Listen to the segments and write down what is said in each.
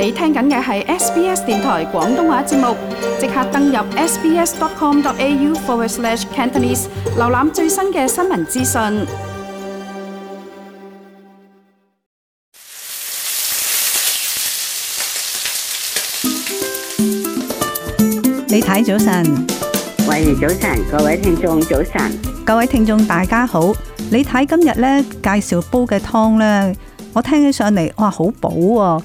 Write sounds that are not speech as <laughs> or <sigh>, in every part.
你聽緊嘅係 SBS 電台廣東話節目，即刻登入 sbs.com.au/cantonese 瀏覽最新嘅新聞資訊。李太早晨，喂，早晨，各位聽眾早晨，各位聽眾大家好。李太今日呢介紹煲嘅湯呢，我聽起上嚟哇，好補喎。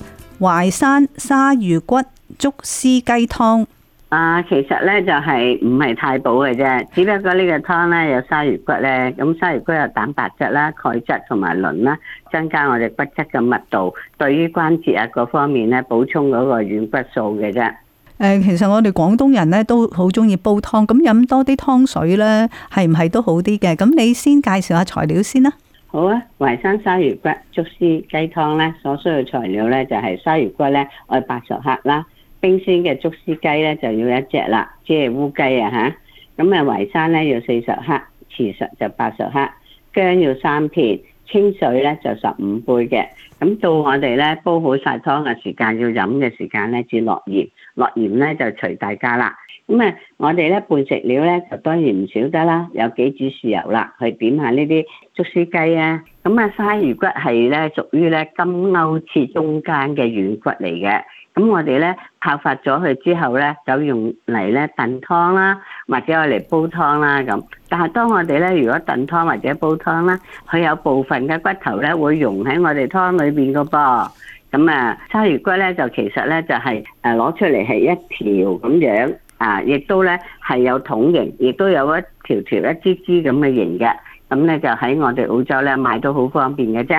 淮山鯊魚骨竹絲雞湯啊，其實咧就係唔係太補嘅啫，只不過呢個湯咧有鯊魚骨咧，咁鯊魚骨有蛋白質啦、鈣質同埋磷啦，增加我哋骨質嘅密度，對於關節啊各方面咧補充嗰個軟骨素嘅啫。誒，其實我哋廣東人咧都，都好中意煲湯，咁飲多啲湯水咧係唔係都好啲嘅？咁你先介紹下材料先啦。好啊，淮山鯊魚骨竹絲雞湯咧，所需要材料咧就係、是、鯊魚骨咧，我八十克啦，冰鮮嘅竹絲雞咧就要一隻啦，即係烏雞啊吓，咁啊淮山咧要四十克，茨實就八十克，薑要三片，清水咧就十五杯嘅。咁到我哋咧煲好晒湯嘅時間，要飲嘅時間咧至落鹽，落鹽咧就隨大家啦。咁啊，我哋咧半食料咧就當然唔少得啦，有幾子豉油啦，去點下呢啲竹絲雞啊。咁、嗯、啊，鯊魚骨係咧屬於咧金勾翅中間嘅軟骨嚟嘅。咁、嗯、我哋咧泡發咗佢之後咧，就用嚟咧燉湯啦，或者我嚟煲湯啦咁。但係當我哋咧如果燉湯或者煲湯啦，佢有部分嘅骨頭咧會溶喺我哋湯裏邊嘅噃。咁、嗯、啊，鯊魚骨咧就其實咧就係誒攞出嚟係一條咁樣。啊！亦都咧係有桶型，亦都有一條條、一支支咁嘅型嘅。咁、嗯、咧就喺我哋澳洲咧買都好方便嘅啫。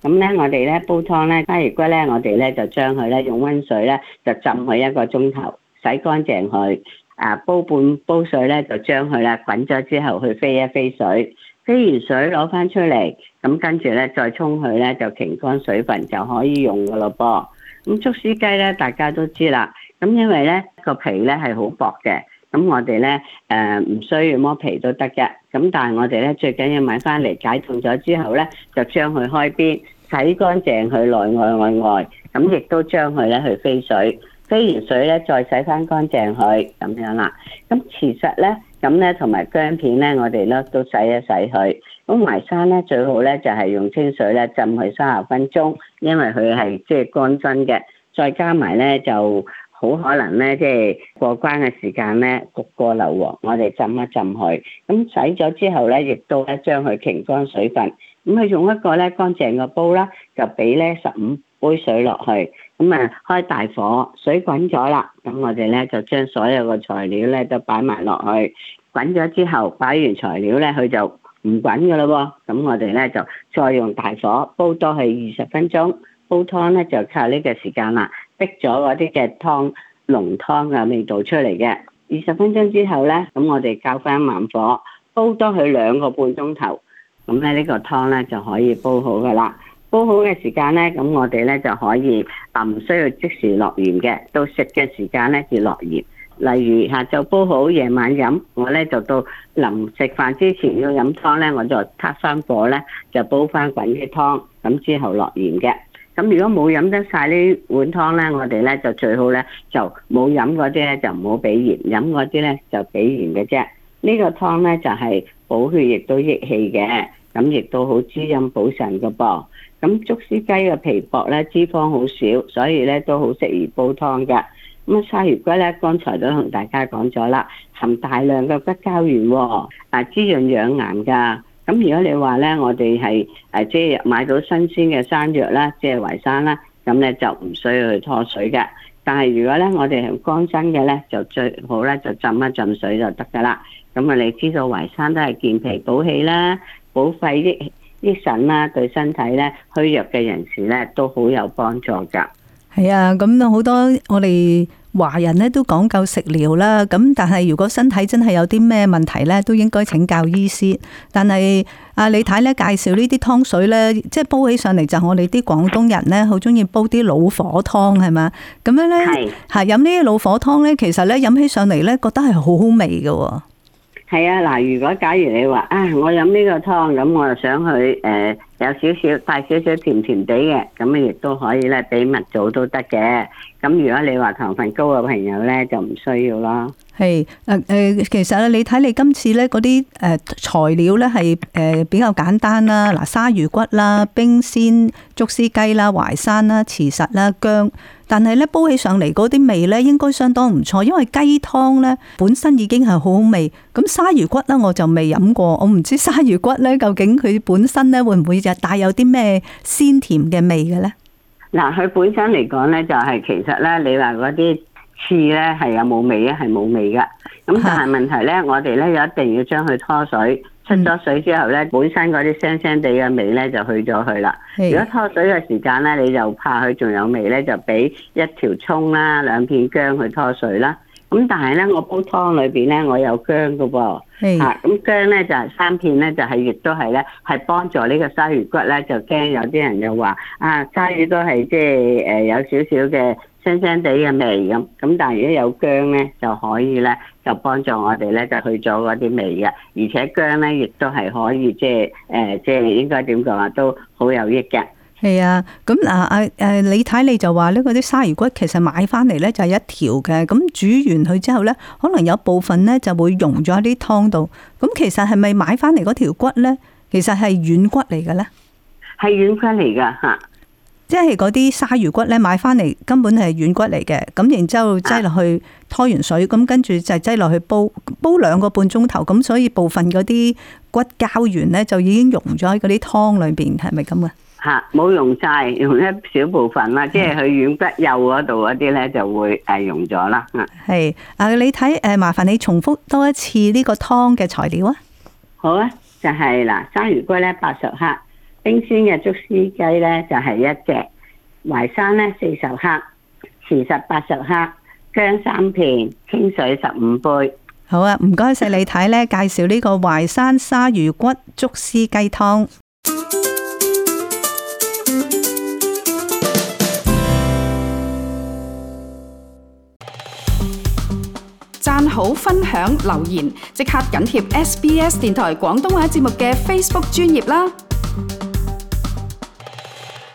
咁、嗯、咧我哋咧煲湯咧，雞如骨咧，我哋咧就將佢咧用溫水咧就浸佢一個鐘頭，洗乾淨佢。啊，煲半煲水咧，就將佢咧滾咗之後，去飛一飛水，飛完水攞翻出嚟，咁跟住咧再沖佢咧就晾乾水分就可以用噶咯噃。咁竹絲雞咧，大家都知啦。咁因為咧個皮咧係好薄嘅，咁我哋咧誒唔需要剝皮都得嘅。咁但係我哋咧最緊要買翻嚟解凍咗之後咧，就將佢開邊洗乾淨佢內外外外，咁亦都將佢咧去飛水，飛完水咧再洗翻乾淨佢咁樣啦。咁其實咧咁咧同埋薑片咧，我哋咧都洗一洗佢。咁淮山咧最好咧就係用清水咧浸佢三十分鐘，因為佢係即係乾身嘅，再加埋咧就。好可能咧，即係過關嘅時間咧，焗過硫磺，我哋浸一浸去。咁、嗯、洗咗之後咧，亦都咧將佢乾乾水分。咁、嗯、佢用一個咧乾淨嘅煲啦，就俾咧十五杯水落去。咁、嗯、啊，開大火，水滾咗啦。咁、嗯、我哋咧就將所有嘅材料咧都擺埋落去。滾咗之後，擺完材料咧，佢就唔滾噶啦。咁、嗯、我哋咧就再用大火煲多去二十分鐘。煲湯咧就靠呢個時間啦。逼咗嗰啲嘅湯濃湯嘅味道出嚟嘅。二十分鐘之後呢，咁我哋交翻慢火煲多佢兩個半鐘頭，咁咧呢個湯呢，就可以煲好噶啦。煲好嘅時間呢，咁我哋呢就可以啊，唔需要即時落鹽嘅，到食嘅時間呢，至落鹽。例如下晝煲好，夜晚飲，我呢就到臨食飯之前要飲湯呢，我就撻翻火呢，就煲翻滾啲湯，咁之後落鹽嘅。咁如果冇飲得晒呢碗湯呢，我哋呢就最好呢，就冇飲嗰啲呢，就唔好俾鹽，飲嗰啲呢就俾鹽嘅啫。呢、這個湯呢，就係、是、補血亦都益氣嘅，咁亦都好滋陰補腎嘅噃。咁竹絲雞嘅皮薄呢，脂肪好少，所以呢都好適宜煲湯嘅。咁啊鯊魚骨呢，剛才都同大家講咗啦，含大量嘅骨膠原，啊滋潤養顏㗎。咁如果你話咧，我哋係誒即係買到新鮮嘅山藥啦，即係淮山啦，咁咧就唔需要去拖水嘅。但係如果咧，我哋係乾身嘅咧，就最好咧就浸一浸水就得噶啦。咁啊，你知道淮山都係健脾補氣啦，補肺益益腎啦，對身體咧虛弱嘅人士咧都好有幫助噶。係啊，咁好多我哋。華人咧都講究食療啦，咁但係如果身體真係有啲咩問題咧，都應該請教醫師。但係阿李太咧介紹呢啲湯水咧，即係煲起上嚟就我哋啲廣東人咧，好中意煲啲老火湯係嘛，咁樣咧，係飲呢啲老火湯咧，其實咧飲起上嚟咧，覺得係好好味嘅。係啊，嗱，如果假如你話啊，我飲呢個湯，咁我就想去誒，呃有少少、帶少少、甜甜地嘅，咁啊亦都可以咧，俾蜜棗都得嘅。咁如果你話糖分高嘅朋友呢，就唔需要啦。係，誒、呃、誒，其實咧，你睇你今次呢嗰啲誒材料呢，係誒比較簡單啦，嗱，鯊魚骨啦、冰鮮竹絲雞啦、淮山啦、慈實啦、姜，但係呢，煲起上嚟嗰啲味呢，應該相當唔錯，因為雞湯呢本身已經係好好味。咁鯊魚骨呢，我就未飲過，我唔知鯊魚骨呢，究竟佢本身呢會唔會？帶有啲咩鮮甜嘅味嘅咧？嗱，佢本身嚟講咧，就係其實咧，你話嗰啲刺咧係有冇味啊？係冇味噶。咁但係問題咧，我哋咧一定要將佢拖水，出咗水之後咧，本身嗰啲腥腥地嘅味咧就去咗佢啦。如果拖水嘅時間咧，你就怕佢仲有味咧，就俾一條葱啦，兩片姜去拖水啦。咁但係咧，我煲湯裏邊咧，我有薑嘅噃嚇。咁、啊、薑咧就三片咧，就係亦都係咧，係幫助呢個鯊魚骨咧，就驚有啲人就話啊鯊魚都係即係誒、呃、有少少嘅腥腥地嘅味咁。咁但係如果有薑咧就可以咧，就幫助我哋咧就去咗嗰啲味嘅。而且薑咧亦都係可以即係誒，即係、呃、應該點講啊？都好有益嘅。係啊，咁啊，阿、啊、誒，李太你就話呢嗰啲鯊魚骨其實買翻嚟咧就係一條嘅，咁煮完佢之後咧，可能有部分咧就會溶咗喺啲湯度。咁其實係咪買翻嚟嗰條骨咧，其實係軟骨嚟嘅咧？係軟骨嚟噶吓，啊、即係嗰啲鯊魚骨咧買翻嚟根本係軟骨嚟嘅。咁然之後擠落去，拖完水，咁、啊、跟住就擠落去煲煲兩個半鐘頭。咁所以部分嗰啲骨膠原咧就已經溶咗喺嗰啲湯裏邊，係咪咁嘅？吓，冇溶晒，溶一小部分啦，即係佢軟骨幼嗰度啲咧就會誒溶咗啦。係，嗱、啊、你睇，誒麻煩你重複多一次呢個湯嘅材料啊。好啊，就係、是、嗱，鯊魚骨咧八十克，冰鮮嘅竹絲雞咧就係、是、一隻，淮山咧四十克，芡實八十克，薑三片，清水十五杯。好啊，唔該晒你睇咧， <laughs> 介紹呢個淮山鯊魚骨竹絲雞湯。好分享留言，即刻緊貼 SBS 電台廣東話節目嘅 Facebook 專頁啦！